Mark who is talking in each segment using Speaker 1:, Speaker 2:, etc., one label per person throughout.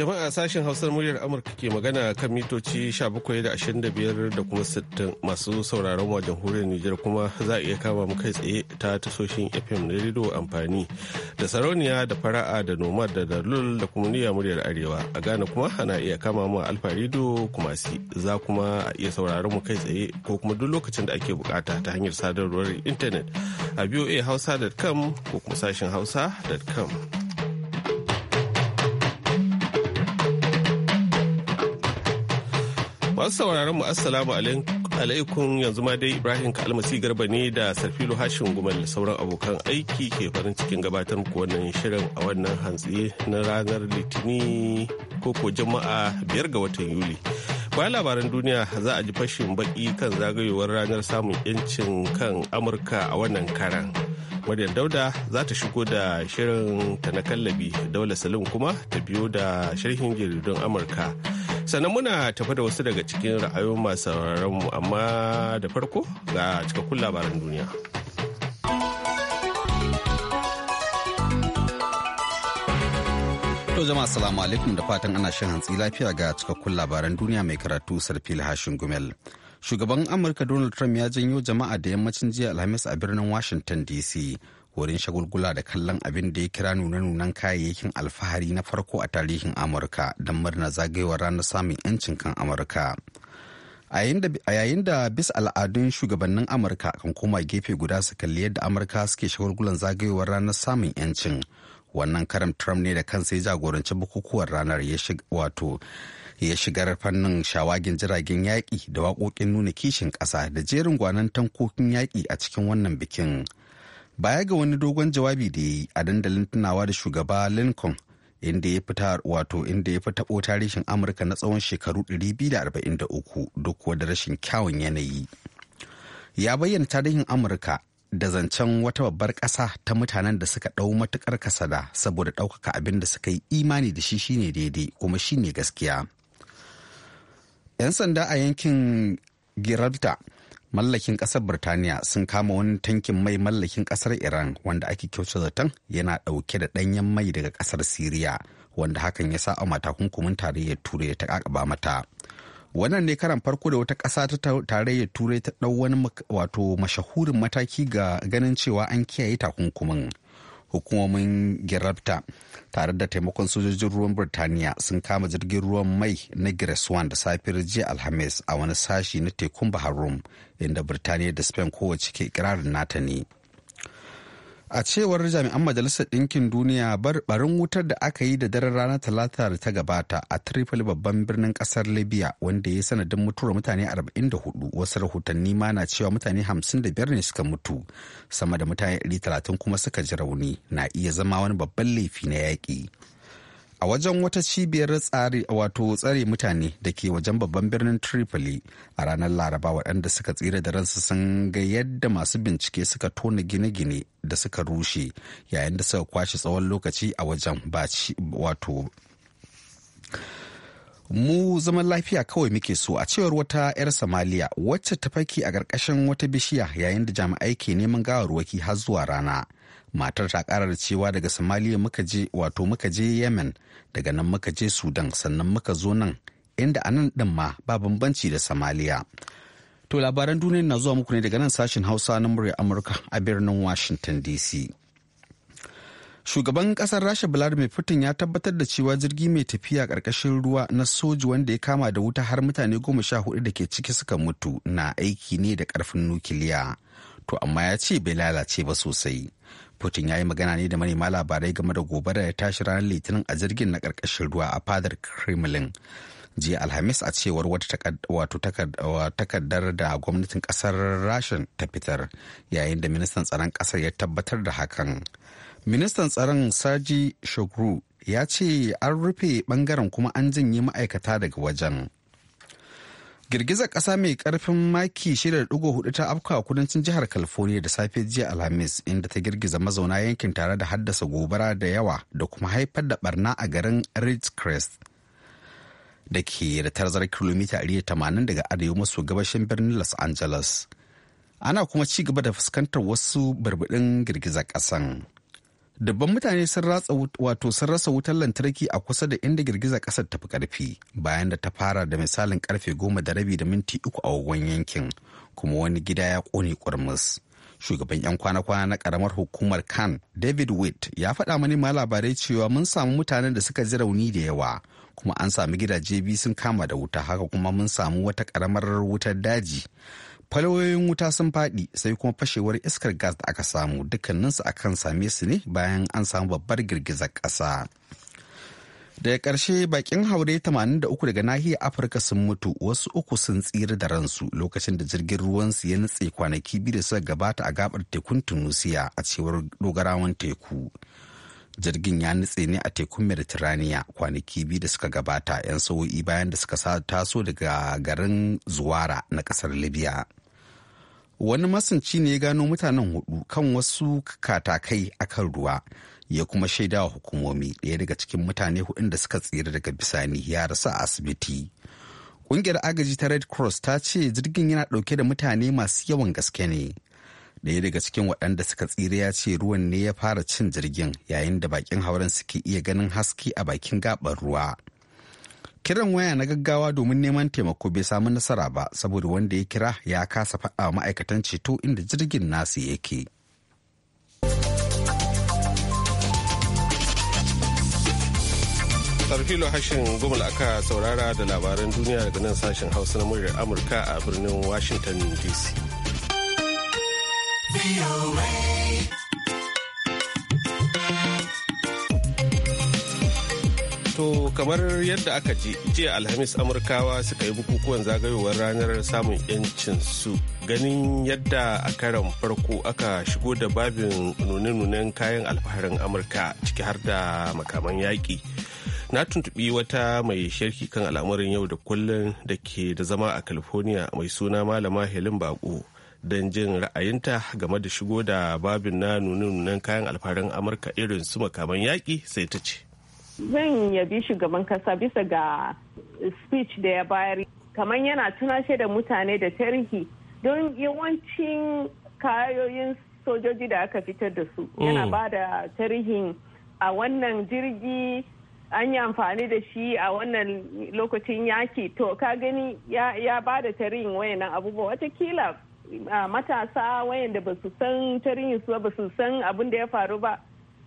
Speaker 1: Jama'a sashen Hausar muryar Amurka ke magana kan mitoci 17.25 da kuma 60 masu sauraron wa jamhuriyar Nijar kuma za a iya kama mu kai tsaye ta tasoshin FM na rido amfani da sarauniya da fara'a da noma da dalul da kuma niyya muryar Arewa. A Ghana kuma ana iya kama mu Alfa Rido kuma si za kuma a iya sauraron mu kai tsaye ko kuma duk lokacin da ake bukata ta hanyar sadarwar intanet a hausa.com ko kuma sashen hausa.com. Masu sauraron mu assalamu alaikum yanzu ma dai Ibrahim Kalmasi Garba ne da Sarfilo Hashin Gumal sauran abokan aiki ke farin cikin gabatar muku wannan shirin a wannan hantsi na ranar Litini koko jama'a biyar ga watan Yuli. Bayan labaran duniya za a ji fashin baki kan zagayowar ranar samun 'yancin kan Amurka a wannan karan. Maryam Dauda za ta shigo da shirin ta na kallabi, Daula Salim kuma ta biyo da sharhin jaridun Amurka. sannan muna tafi da wasu daga cikin ra'ayoyin masu mu amma da farko ga cikakkun labaran duniya
Speaker 2: To jama'a salamu alaikum da fatan ana shan hantsi lafiya ga cikakkun labaran duniya mai karatu sarfil hashin gumel shugaban amurka donald trump ya janyo jama'a da yammacin jiya alhamis a birnin washington dc wurin shagulgula da kallon abin da ya kira nuna-nunan kayayyakin alfahari na farko a tarihin amurka don murna zagayowar ranar samun 'yancin kan amurka a yayin da bis al'adun shugabannin amurka kan koma gefe guda su kalli yadda amurka suke shagulgulan zagayowar ranar samun 'yancin wannan karam trump ne da kansa ya jagoranci bukukuwan ranar ya wato ya shigar fannin shawagin jiragen yaƙi da waƙoƙin nuna kishin ƙasa da jerin gwanon tankokin yaƙi a cikin wannan bikin baya ga wani dogon jawabi da ya yi a dandalin tunawa da shugaba lincoln inda ya fita wato inda ya fi taɓo tarihin amurka na tsawon shekaru 243 duk wadda rashin kyawun yanayi ya bayyana tarihin amurka da zancen wata babbar ƙasa ta mutanen da suka ɗau matuƙar kasada saboda ɗaukaka abin da suka yi imani da shi shine daidai kuma shine gaskiya 'yan sanda a yankin giralta mallakin kasar birtaniya sun kama wani tankin mai mallakin kasar iran wanda ake kyauta zaton yana dauke da danyen mai daga kasar siriya wanda hakan ya sa a takunkumin tarayyar turai ta kakaba mata wannan ne karan farko da wata ƙasa ta tarayyar turai ta ɗau wani wato mashahurin mataki ga ganin cewa an kiyaye takunkumin hukumomin Gerabta tare da taimakon sojojin ruwan Birtaniya sun kama jirgin ruwan mai na Gres da safiyar jiya Alhamis a wani sashi na tekun Bahar inda Birtaniya da Spain kowace ke ikirarin nata ne. a cewar jami'an majalisar ɗinkin duniya barbarin wutar da aka yi da daren ranar talata da ta gabata a tripoli babban birnin ƙasar libya wanda ya sanadin mutuwar mutane 44 wasu rahotanni ma na cewa mutane 55 ne suka mutu sama da mutane 130 kuma suka ji rauni na iya zama wani babban laifi na yaƙi a wajen wata cibiyar tsari wato tsare mutane da ke wajen babban birnin tripoli a ranar laraba waɗanda suka tsira da ransu sun ga yadda masu bincike suka tona gine-gine da suka rushe yayin da suka kwashe tsawon lokaci a wajen wato mu zaman lafiya kawai muke so a cewar wata 'yar samaliya wacce ta faki a ƙarƙashin wata bishiya yayin da jami'ai ke neman gawarwaki har zuwa rana matar ta ƙarar da cewa daga samaliya muka je wato muka je yemen daga nan muka je sudan sannan muka zo nan inda anan ɗin ma ba bambanci da samaliya to labaran duniya na zuwa muku ne daga nan sashen hausa na murya amurka a birnin washington dc shugaban kasar rasha vladimir putin ya tabbatar da cewa jirgi mai tafiya karkashin ruwa na soji wanda ya kama da wuta har mutane goma sha hudu da ke ciki suka mutu na aiki ne da karfin nukiliya to amma ya ce bai lalace ba sosai putin ya yi magana ne da manema labarai game da gobara ya tashi ranar litinin a jirgin na karkashin ruwa a fadar kremlin jiya alhamis a cewar wata takardar da gwamnatin kasar rashin ta fitar yayin da ministan tsaron kasar ya tabbatar da hakan ministan tsaron saji shogru ya ce an rufe bangaren kuma an janye ma'aikata daga wajen girgizar ƙasa mai karfin maki 6.4 ta afka kudancin jihar california da safe jiya alhamis inda ta girgiza mazauna yankin tare da haddasa gobara da yawa da kuma haifar da barna a garin ridgecrest da ke da tarzar kilomita 80 daga arewa maso gabashin birnin los angeles ana kuma ci gaba da fuskantar wasu barbaɗin girgizar ƙasan. Dabban mutane sun ratsa wato sun rasa wutar lantarki a kusa da inda girgizar kasar tafi karfi bayan da ta fara da misalin karfe goma da rabi da minti uku a wagon yankin kuma wani gida ya kone kurmus. Shugaban 'yan kwana-kwana na karamar hukumar kan David Witt ya faɗa mani ma labarai cewa mun samu mutanen da suka ji rauni da yawa kuma an sami gidaje biyu sun kama da wuta haka kuma mun samu wata karamar wutar daji falawoyin wuta sun faɗi sai kuma fashewar iskar gas da aka samu dukkaninsu akan same su ne bayan an samu babbar girgizar ƙasa. daga ƙarshe bakin haure 83 daga nahiyar afirka sun mutu wasu uku sun tsira da ransu lokacin da jirgin ruwansu ya nutse kwanaki biyu da suka gabata a gabar tekun tunusiya a cewar dogarawan teku jirgin ya nutse ne a tekun mediterania kwanaki biyu da suka gabata 'yan sa'o'i bayan da suka taso daga garin zuwara na kasar libya wani masanci ne ya gano mutanen hudu kan wasu katakai a kan ruwa ya kuma shaidawa hukumomi ɗaya daga cikin mutane hudun da suka tsira daga bisani ya rasu a asibiti ƙungiyar agaji ta red cross ta ce jirgin yana ɗauke da mutane masu yawan gaske ne ɗaya daga cikin waɗanda suka tsira ya ce ruwan ne ya fara cin jirgin yayin da bakin hauren suke iya ganin haske a bakin gaɓar ruwa kiran waya na gaggawa domin neman taimako bai samu nasara ba saboda wanda ya kira ya kasa faɗa ma'aikatan ceto inda jirgin nasu yake.
Speaker 1: sarfilo hashin gumul aka saurara da labaran duniya daga nan sashen hausa na muryar amurka a birnin washington dc. kamar yadda aka ji jiya alhamis amurkawa suka yi bukukuwan zagayowar ranar samun yancin su ganin yadda a karan farko aka shigo da babin nune-nunen kayan alfaharin amurka ciki har da makaman yaƙi na tuntubi wata mai shirki kan al'amuran yau da kullum da ke da zama a california mai suna malama helin bako don jin ra'ayinta game da shigo da babin na nune-nunen kayan alfaharin amurka irin su makaman yaƙi sai ta ce
Speaker 3: zan yabi shugaban kasa bisa ga speech da ya bayar kamar yana tunashe da mutane da tarihi don yawancin kayoyin sojoji da aka fitar da su yana mm. ba da tarihin a wannan jirgi an yi amfani da shi a wannan lokacin yaki to ka gani ya ba da tarihin wayannan abubuwa watakila matasa wayanda ba su san tarihin su ba su san abin da ya faru ba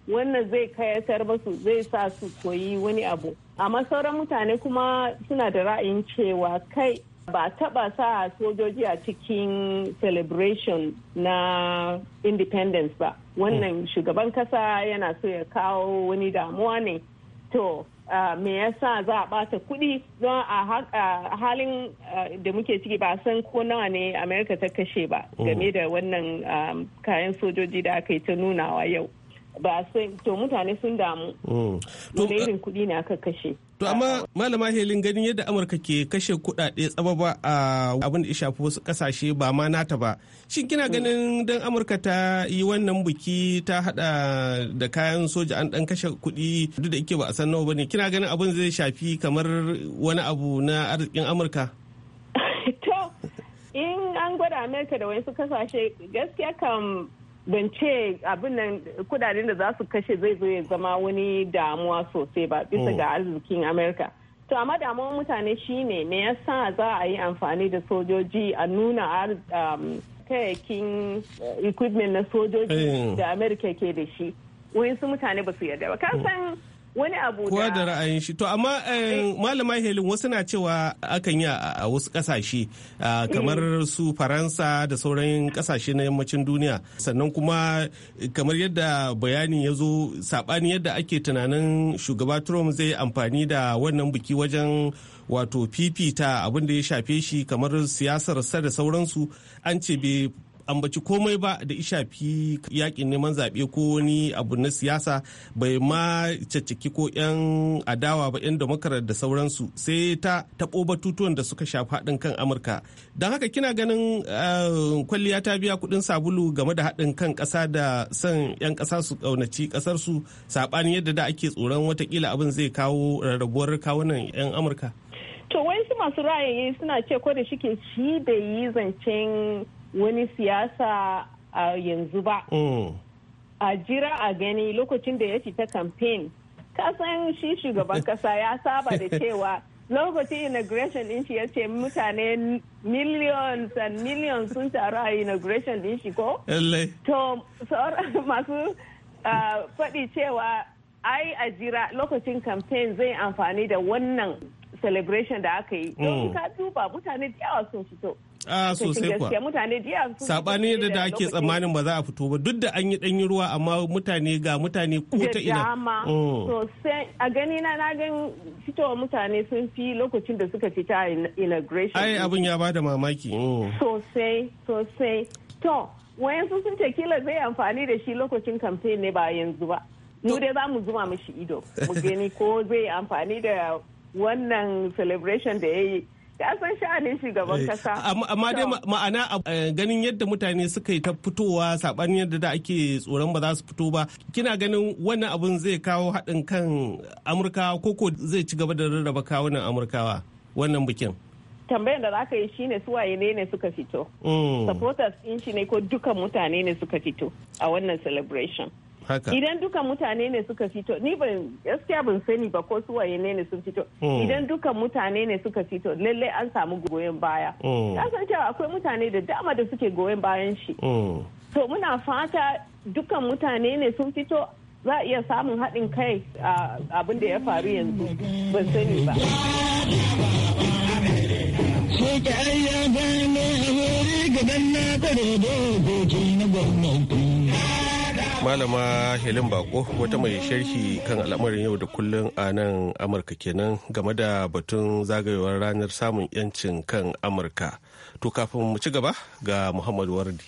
Speaker 3: wannan zai kayatar basu zai sa su koyi wani abu amma sauran mutane kuma suna da ra'ayin cewa kai ba taba sa sojoji a cikin celebration na independence ba wannan hmm. shugaban kasa yana so ya kawo wani damuwa ne to Uh, me yasa za a bata kuɗi don a uh, halin da muke ciki ba san ko nawa ne amerika ta kashe ba hmm. game da wannan um, kayan sojoji da aka yi ta nunawa yau ba sun to mutane sun damu hmm. to irin kudi ne aka kashe
Speaker 1: to amma malama helin ganin yadda amurka ke kashe kudade tsababa a abin da ya shafi wasu kasashe ba ma nata ba shin kina hmm. ganin dan amurka ta yi wannan biki ta hada da kayan soja an dan kashe kuɗi duk da yake ba a san nawa bane kina ganin abin zai shafi kamar wani abu na arzikin amurka
Speaker 3: to in an gwada amurka da wasu kasashe gaskiya kam ban ce abin nan kudaden da za su kashe zai zo ya zama wani damuwa sosai ba bisa oh. ga arzikin amerika to amma damuwan mutane shine me yasa za a yi amfani da sojoji a nuna um, kayakin uh, equipment na sojoji eh. da amerika ke da shi wayansu mutane ba su yarda ba kasan hmm. wani abu da da
Speaker 1: ra'ayin shi to amma eh, eh. malama helin wasu na cewa akan yi a wasu kasashe eh. kamar su faransa da sauran kasashe na yammacin duniya sannan kuma kamar yadda bayani ya zo sabani yadda ake tunanin shugaba trump zai amfani da wannan biki wajen wato fifita abin da ya shafe shi kamar siyasar sa da sauransu an ce bai ambaci komai ba da ishafi yakin neman zaɓe ko wani abu na siyasa bai ma cacciki ko 'yan adawa ba 'yan damakarar da sauransu sai ta taɓo batutuwan da suka shafi haɗin kan amurka don haka kina ganin eh, kwalliya ta biya kuɗin sabulu game da haɗin kan ƙasa da son 'yan ƙasa su ƙaunaci ƙasarsu saɓani yadda da ake tsoron watakila abin zai kawo rarrabuwar kawunan 'yan amurka
Speaker 3: to wayansu masu ra'ayi suna ce ko da ke shi bai yi zancen wani siyasa a yanzu ba. Mm. A jira a gani lokacin da ya fita kamfen kasan shi shugaban kasa ya saba da cewa lokacin inauguration din shi ya ce mutane millions and millions sun taru a inauguration din shi ko? To, masu ah, faɗi cewa ai a jira lokacin campaign zai amfani da wannan celebration da aka yi. Don mm. ka duba mutane da yawa sun fito.
Speaker 1: a ah, sosai kuwa
Speaker 3: sabani da da ake tsammanin
Speaker 1: ba za a fito ba duk da an yi ɗanyi ruwa amma mutane ga mutane ko ta ina oh.
Speaker 3: sosai a gani na na gan fitowa mutane sun fi lokacin da suka fita inauguration ai abin
Speaker 1: ya bada mamaki oh.
Speaker 3: sosai sosai to wayansu sun ce kila zai amfani da shi lokacin campaign ne ba yanzu ba mu dai za mu zuma mishi ido mu gani ko zai amfani da wannan celebration da ya yi ka san sha'anin shugaban eh, kasa. Amma dai
Speaker 1: ma'ana eh, ganin yadda mutane suka yi ta fitowa saɓanin yadda da ake tsoron ba za su fito ba. Kina ganin wannan abun zai kawo haɗin kan Amurka ko zai ci gaba da rarraba kawunan Amurkawa wannan bikin.
Speaker 3: tambayar da ka yi shine su waye ne ne suka fito. Mm. Supporters in shi ne ko dukan mutane ne suka fito a wannan celebration. Idan duka mutane ne suka fito, ni ban gaskiya ban sani ba ko su waye ne sun fito. Oh. Idan duka mutane ne suka fito, lallai an samu goyon baya. Ya oh. san cewa akwai mutane da dama da suke goyon bayan shi. Oh. To muna fata dukan mutane ne sun fito za a iya samun haɗin kai abin da ya faru yanzu ban sani ba. Shekarar ya ne
Speaker 4: a wuri gaban na kare da na gwamnati.
Speaker 1: malama helin bako wata mai sharhi kan al'amarin yau da kullun a nan amurka kenan game da batun zagayowar ranar samun 'yancin kan amurka to kafin mu ci gaba ga muhammad wardi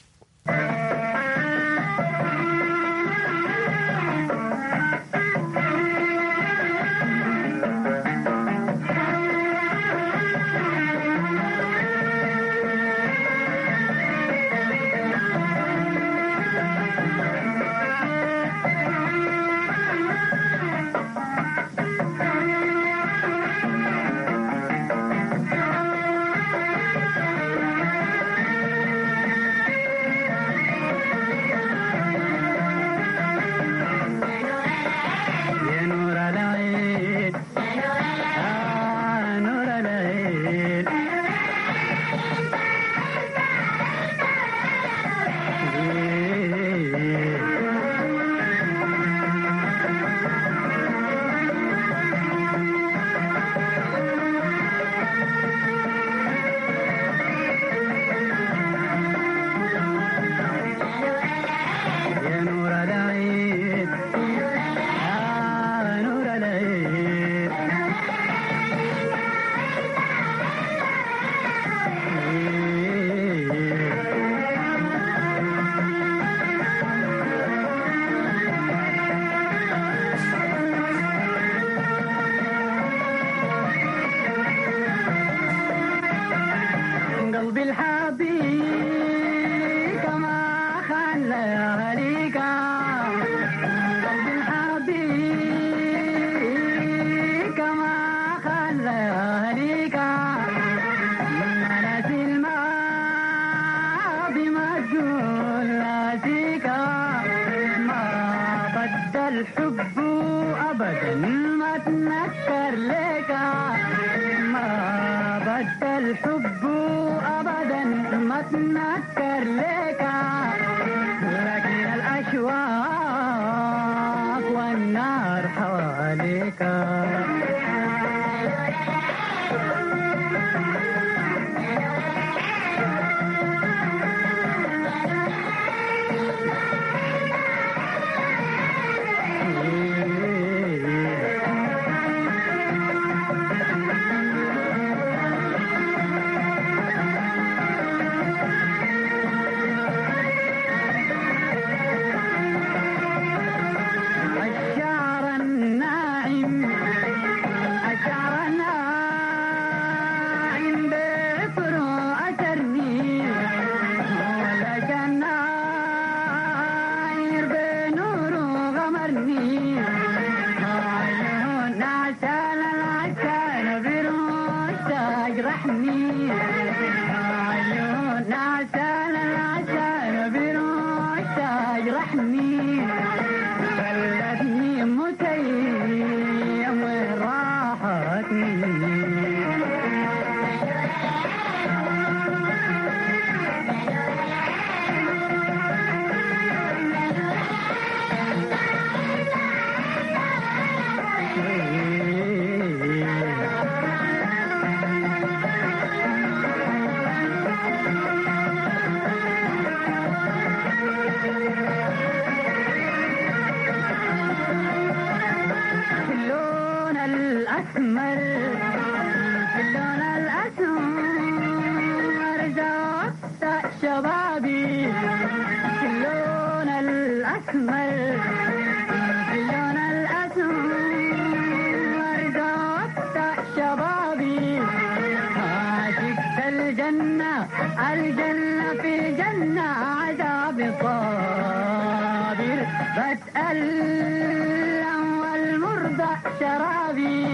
Speaker 4: بصابر بسأل الأول مرضى شرابي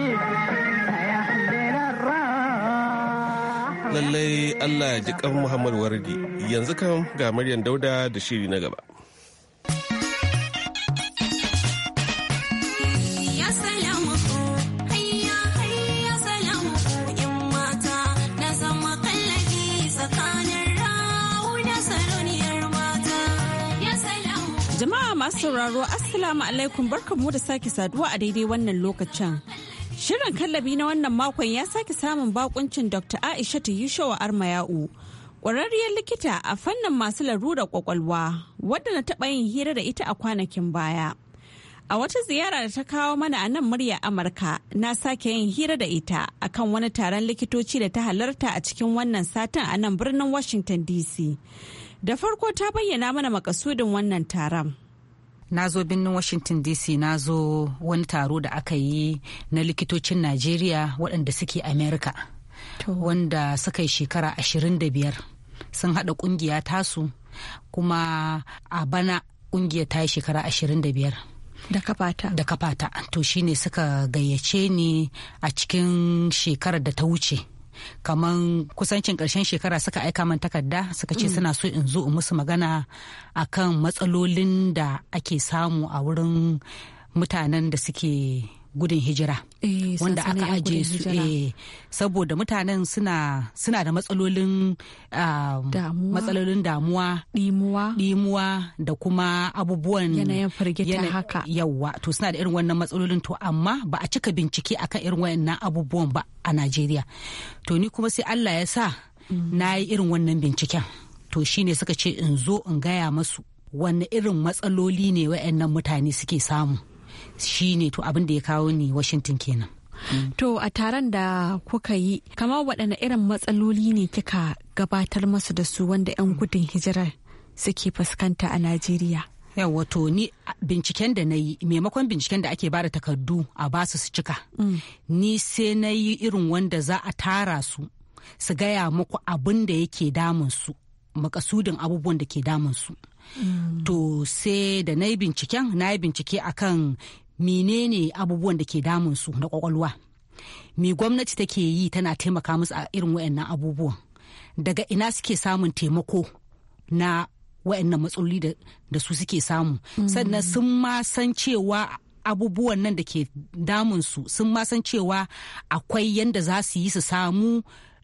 Speaker 1: lallai Allah ya ji ƙan Muhammad Wardi yanzu kan ga Maryam Dauda da shiri na gaba.
Speaker 5: masu sauraro Assalamu alaikum mu da sake saduwa a daidai wannan lokacin. Shirin kallabi na wannan makon ya sake samun bakuncin Dr. Aisha ta yi arma Armayau. Ƙwararriyar likita a fannin masu larurar kwakwalwa wadda na taɓa yin hira da ita a kwanakin baya. A wata ziyara da ta kawo mana a nan murya Amurka na sake yin hira da ita akan wani taron likitoci da ta halarta a cikin wannan satin a nan birnin Washington
Speaker 6: DC. Da farko ta bayyana mana makasudin wannan taron. na zo birnin washington dc na zo wani taro da aka yi na likitocin najeriya waɗanda suke america wanda suka yi shekara 25 sun haɗa ƙungiya tasu kuma a bana ƙungiyar ta yi shekara 25 da kafata da kafata to shine suka gayyace ni a cikin shekarar da ta wuce kaman kusancin karshen shekara suka aika man takarda suka ce mm. suna so in zo in musu magana akan matsalolin da ake samu a wurin mutanen da suke gudun hijira
Speaker 5: eh, wanda aka aje su eh,
Speaker 6: saboda mutanen suna da matsalolin ah, matsalolin damuwa dimuwa dimuwa da kuma abubuwan yanayin firgita haka yawa to suna da irin wannan matsalolin to amma ba a cika bincike akan irin wannan abubuwan ba a Najeriya to ni kuma sai Allah ya sa mm. na yi irin wannan binciken to shine suka ce in zo in gaya masu wani irin matsaloli ne waɗannan mutane suke samu Shi ne to abin da ya kawo ni washington kenan To a
Speaker 5: taron da kuka yi, kama waɗanne irin matsaloli ne kika gabatar masu da su wanda 'yan gudun hijirar suke fuskanta a Najeriya?
Speaker 6: Yawwa to ni binciken da na yi maimakon binciken da ake bada takardu a basu su cika. Mm. Ni sai na yi irin wanda za a tara su su gaya muku abin da yake damun su makasudin abubuwan da ke damun su. to sai da na yi binciken na yi bincike akan menene abubuwan da ke damun su na kwakwalwa me gwamnati take yi tana taimaka musu a irin wayannan abubuwan daga ina suke samun taimako na wayannan matsaloli da su suke samu mm. sannan sun ma san cewa abubuwan nan da ke su sun ma san cewa akwai yanda za su yi su samu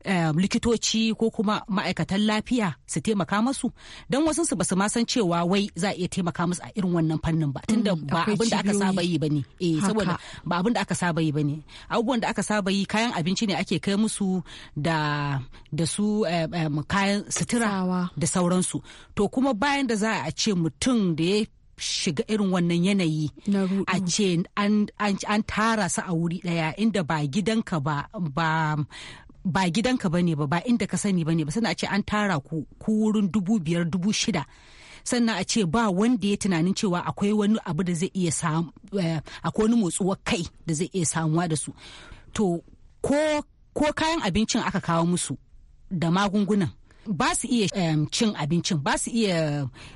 Speaker 6: Eh, likitoci ko kuma ma'aikatan lafiya su taimaka masu don wasu su basu ma san cewa wai za a iya taimaka musu a irin wannan fannin ba tunda mm, ba abin da aka saba yi bane eh saboda ba abin da aka saba yi bane abubuwan da aka saba yi kayan abinci ne ake kai musu da da su eh, eh, kayan sutura da sauransu to kuma bayan da za a ce mutum da ya shiga irin wannan yanayi a ce an tara su a wuri daya inda ba gidanka ba ba ba gidanka bane ba ba inda ka sani bane ba sannan a ce an tara ku ku wurin dubu biyar dubu shida sannan a ce ba wanda ya tunanin cewa akwai wani abu da zai iya samu eh, akwai wani motsuwar kai da zai iya samuwa da su to ko ko kayan abincin aka kawo musu da magungunan ba su iya eh, cin abincin ba su iya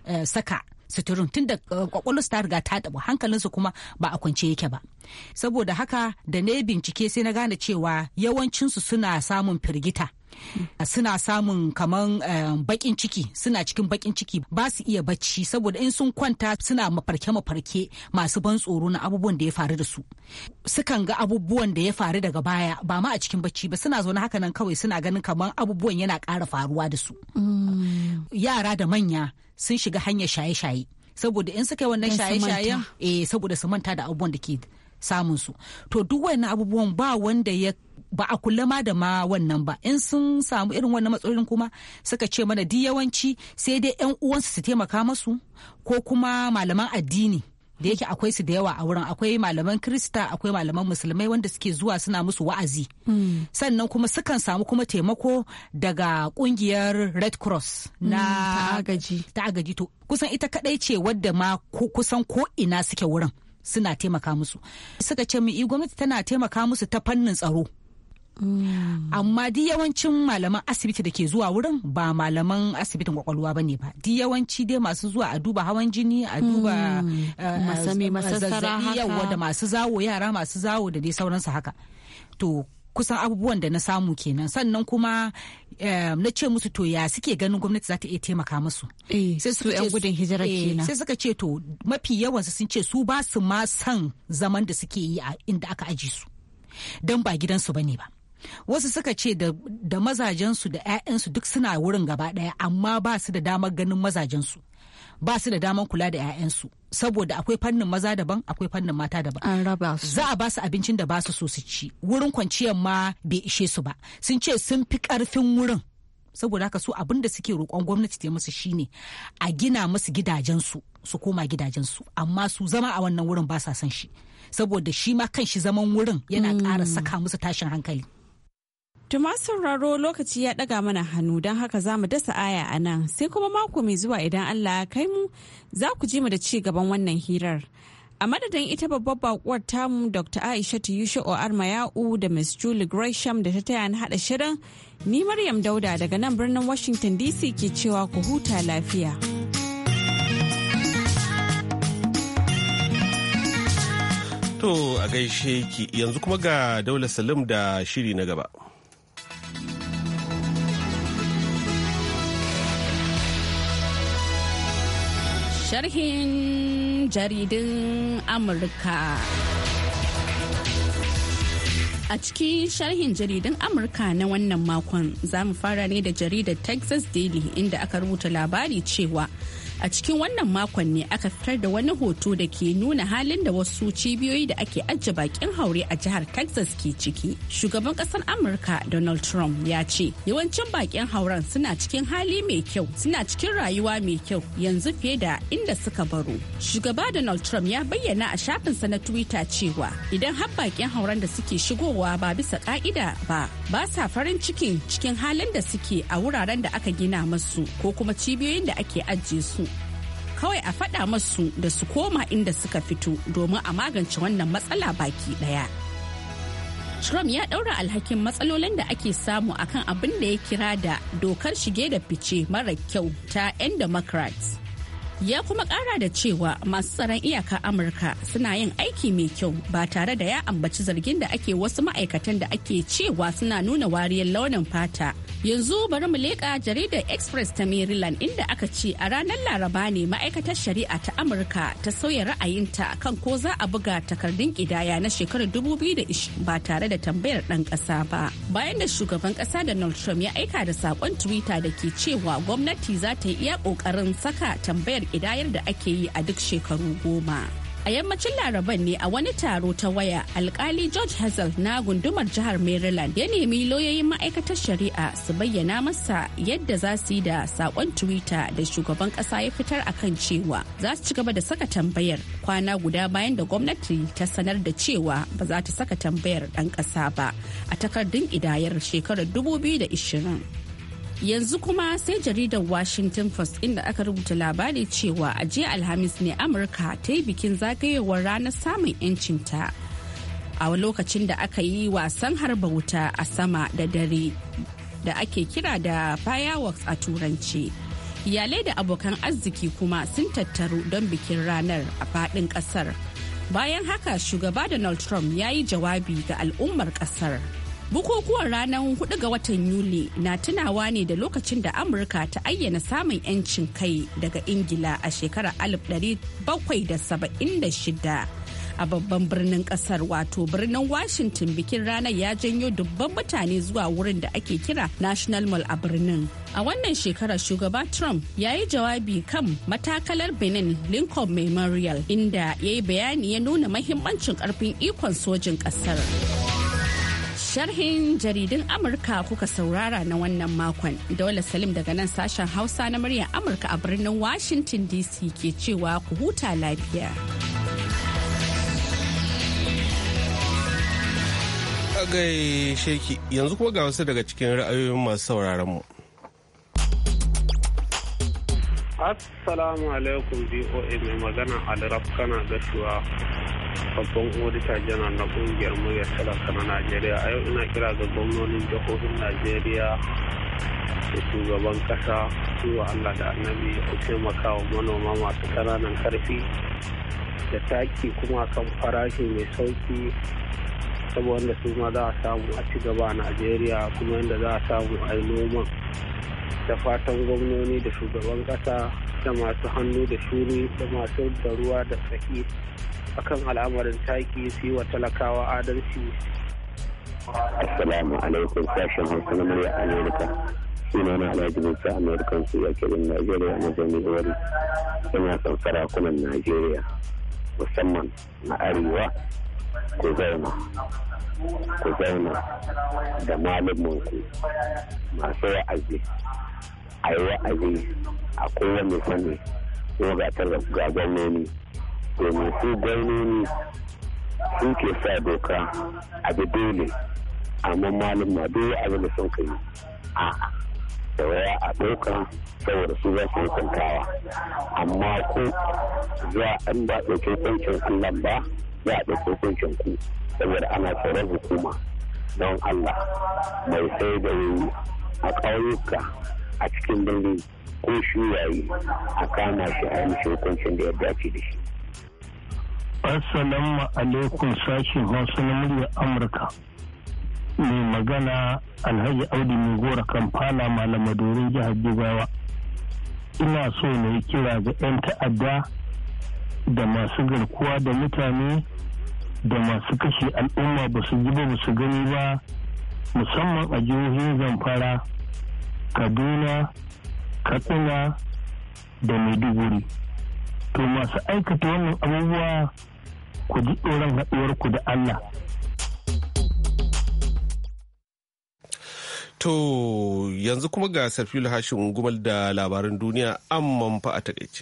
Speaker 6: eh, saka suturin tun da uh, kwakwalwarsu ta riga ta hankalin su kuma ba a kwance yake ba saboda haka da na bincike sai na gane cewa yawancinsu suna samun firgita mm. suna samun kaman um, bakin ciki suna cikin bakin ciki ba su iya bacci saboda in sun kwanta suna mafarke-mafarke masu ban tsoro na abubuwan da ya faru da su sukan ga abubuwan da ya faru daga baya ba ma a cikin bacci ba suna zaune haka nan kawai suna ganin kaman abubuwan yana ƙara faruwa da su
Speaker 4: mm.
Speaker 6: yara da manya sun shiga hanyar shaye-shaye saboda in suka yi wannan shaye-shayen eh saboda su manta da abubuwan da ke samun su to duk wannan abubuwan ba wanda ya ba a kula ma da ma wannan ba in sun samu irin wannan matsalolin kuma suka ce mana di yawanci sai dai yan uwansu su taimaka masu ko kuma malaman addini da yake akwai su da yawa a wurin akwai malaman krista akwai malaman musulmai wanda suke zuwa suna musu wa'azi hmm. sannan kuma sukan samu kuma taimako daga kungiyar red cross hmm, na ta agaji to kusan ita kadai ce wadda ma kusan ko ina suke wurin suna taimaka musu suka ce mu gwamnati tana taimaka musu ta fannin tsaro Mm. amma di yawancin malaman asibiti da ke zuwa wurin ba malaman asibitin kwakwalwa ba ne ba di yawanci dai masu zuwa a duba hawan jini a duba mm. eh, zazzabi yawa da masu zawo yara masu zawo da dai sauransu haka to kusan abubuwan da na samu kenan sannan kuma eh, na ce musu to ya suke ganin gwamnati za ta iya taimaka musu eh, sai su yan gudun hijira kenan sai suka ce to mafi yawan sun ce su ba su ma san zaman da suke yi a inda aka aji su don ba gidansu ba ne ba wasu suka ce da mazajensu da 'ya'yansu duk suna wurin gaba ɗaya amma ba su da damar ganin mazajensu ba su da damar kula da 'ya'yansu saboda akwai fannin maza daban akwai fannin mata daban an raba su za a ba su abincin da ba su so su ci wurin kwanciyar ma bai ishe su ba sun ce sun fi karfin wurin saboda haka su abin da suke roƙon gwamnati ta musu shine a gina musu gidajensu su koma gidajensu amma su zama a wannan wurin ba sa son shi saboda shi ma kan shi zaman wurin yana ƙara mm. saka musu tashin hankali Tuma sauraro lokaci ya ɗaga mana hannu don haka za mu dasa aya
Speaker 5: a nan sai kuma mako mai zuwa idan Allah ya kai mu za ku ji mu da ci gaban wannan hirar. A madadin ita babbar bakuwar tamu Dr. Aisha Yusho Armayau da Miss Julie Gresham da ta taya na haɗa shirin ni Maryam Dauda daga nan birnin Washington DC ke cewa ku huta lafiya.
Speaker 1: To a gaishe ki yanzu kuma ga Daula Salim da shiri na gaba.
Speaker 7: sharhin jaridin Amurka. A cikin sharhin jaridun Amurka na wannan makon za mu fara ne da jaridar Texas Daily inda aka rubuta labari cewa a cikin wannan makon ne aka fitar da wani hoto da ke nuna halin da wasu cibiyoyi da ake ajiye bakin haure a jihar texas ke ciki shugaban kasar amurka donald trump ya ce yawancin bakin hauren suna cikin hali mai kyau suna cikin rayuwa mai kyau yanzu fiye da inda suka baro shugaba donald trump ya bayyana a shafinsa na twitter cewa idan har bakin hauren da suke shigowa ba bisa ka'ida ba ba sa farin cikin cikin halin da suke a wuraren da aka gina masu ko kuma cibiyoyin da ake ajiye su kawai a faɗa masu da su koma inda suka fito domin a magance wannan matsala baki ɗaya. Trump ya ɗaura alhakin matsalolin da ake samu akan abin da ya kira da dokar shige da fice mara kyau ta 'yan Democrats. Ya kuma ƙara da cewa masu tsaron iyaka Amurka suna yin aiki mai kyau ba tare da ya ambaci zargin da ake wasu ma'aikatan da ake cewa suna nuna wariyar launin fata Yanzu bari mu leƙa jaridar Express ta Maryland inda aka ce a ranar Laraba ne ma'aikatar shari'a ta Amurka ta sauya ra'ayinta kan ko za a buga takardun ƙidaya na shekarar 2020 ba tare da tambayar ɗan ƙasa ba. Bayan da shugaban ƙasa Donald Trump ya aika da saƙon Twitter da ke cewa gwamnati za ta yi iya ƙoƙarin saka tambayar ƙidayar da ake yi a duk shekaru goma. A yammacin Laraban ne a wani taro ta waya alkali George Hazel na gundumar jihar Maryland ya nemi lauyoyin ma'aikatar shari'a su bayyana masa yadda za su yi da sakon Twitter da shugaban kasa ya fitar a kan cewa za su ci gaba da saka tambayar kwana guda bayan da gwamnati ta sanar da cewa ba za ta saka tambayar dan kasa ba a takardun idayar shekarar 2020. yanzu kuma sai jaridar washington post inda aka rubuta labari cewa a jiya alhamis ne amurka ta yi bikin zagayowar ranar samun 'yancinta a lokacin da aka yi wasan harba wuta a sama da dare da ake kira da fireworks a turanci iyalai da abokan arziki kuma sun tattaru don bikin ranar a fadin kasar bayan haka shugaba donald trump ya yi jawabi ga al'ummar kasar. Bukukuwan ranar 4 ga watan Yuli na tunawa ne da lokacin da Amurka ta ayyana samun 'yancin kai daga Ingila a shekarar 1776. a babban birnin kasar wato birnin washington bikin ranar ya janyo dubban mutane zuwa wurin da ake kira national mall a birnin a wannan shekarar shugaba trump ya yi jawabi kan matakalar benin lincoln memorial inda ya yi bayani ya nuna mahimmancin karfin ikon sojin kasar. Sharhin jaridun Amurka kuka saurara na wannan makon. Dole Salim daga nan sashen Hausa na muryar Amurka a birnin Washington DC ke cewa ku huta lafiya.
Speaker 1: Agai sheki yanzu kuma ga wasu daga cikin ra'ayoyin masu sauraron mu. Assalamu alaikum BOA mai magana Alraf kana gasuwa babban odita janar na kungiyar muryar talaka na najeriya a yau ina kira ga gwamnonin jihohin najeriya da shugaban kasa zuwa allah da annabi a taimaka wa manoma masu kananan karfi da taki kuma kan farashi mai sauki saboda su ma za a samu a ci gaba a najeriya kuma yadda za a samu a yi noman da fatan gwamnoni da shugaban ƙasa da masu hannu da shuri da masu da ruwa da tsaki akan al'amarin taki su yi wa talakawa adalci.
Speaker 8: Assalamu alaikum sashen Hausa na murya Amerika. Suna na Alhaji Musa Amerikan su yake bin Najeriya na Jami'ori. Ina son sarakunan Najeriya musamman na Arewa ko Zaina. ku zauna da malaminku masu wa'azi a yi wa'azi a kowane sani ko ga ga gwamnoni domin su gwamnoni su ke sa doka a bi dole amma malama duk abin da sun kai a'a da waya a ɗauka saboda su za su amma ko za a ba ɗauke ɗaukin kullum ba za da kokokin hukuncin ku saboda ana tsoron hukuma don Allah mai sai da yi a ƙauyuka a cikin birni ko shuyayi a kama shi a yi hukuncin da ya dace da shi. Assalamu alaikum sashen Hausa na muryar Amurka. Mai magana Alhaji Audu mai gora Kampala malamadorin jihar Jigawa. Ina so na yi kira ga 'yan ta'adda da masu garkuwa da mutane da masu kashe al'umma ba su ji ba ba su gani ba musamman a jihohin zamfara kaduna katsina da maiduguri to masu aikata wannan abubuwa ku ji tsoron haɗuwarku da allah
Speaker 1: To yanzu kuma ga Sarfilu Hashin Gumal da labaran duniya amman fa a takaice.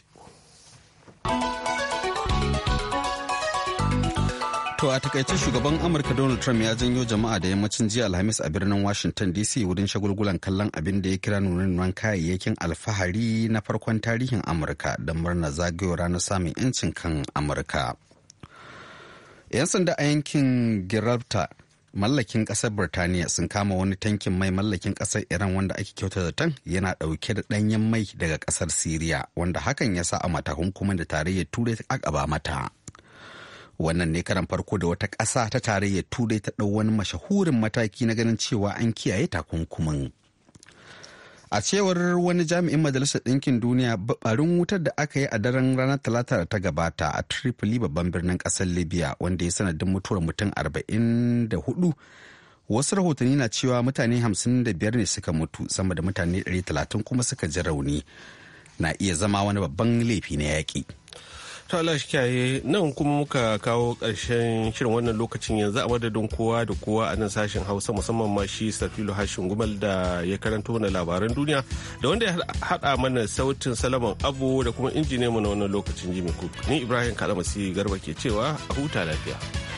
Speaker 2: To a takaice shugaban Amurka Donald Trump ya janyo jama'a da yammacin jiya Alhamis a birnin Washington DC wurin shagulgulan kallon abin da ya kira nunan kayayyakin alfahari na farkon tarihin Amurka da murna zagayowar ranar samun 'yancin kan Amurka. 'Yan sanda a yankin Gibraltar mallakin kasar Birtaniya sun kama wani tankin mai mallakin kasar Iran wanda ake kyauta tan yana dauke da ɗanyen mai daga kasar Siriya wanda hakan ya sa a kuma da tarayyar Turai ta mata. wannan ne karan farko da wata ƙasa ta tarayyar turai ta ɗau wani mashahurin mataki na ganin cewa an kiyaye takunkumin a cewar wani jami'in majalisar ɗinkin duniya barin wutar da aka yi a daren ranar talata da ta gabata a tripoli babban birnin ƙasar libya wanda ya sanadin mutuwar mutum hudu wasu rahotanni na cewa mutane 55 ne suka mutu sama da mutane 130 kuma suka ji rauni na iya zama wani babban laifi na yaƙi
Speaker 1: Allah shi kyaye nan kuma muka kawo ƙarshen shirin wannan lokacin yanzu a madadin kowa da kowa a nan sashen Hausa musamman ma shi Safilu Hashin Gumal da ya karanto mana labaran duniya da wanda ya haɗa mana sautin Salaman Abu da kuma injiniyan mu na wannan lokacin Jimmy Cook. Ni Ibrahim Kalamasi Garba ke cewa a huta lafiya.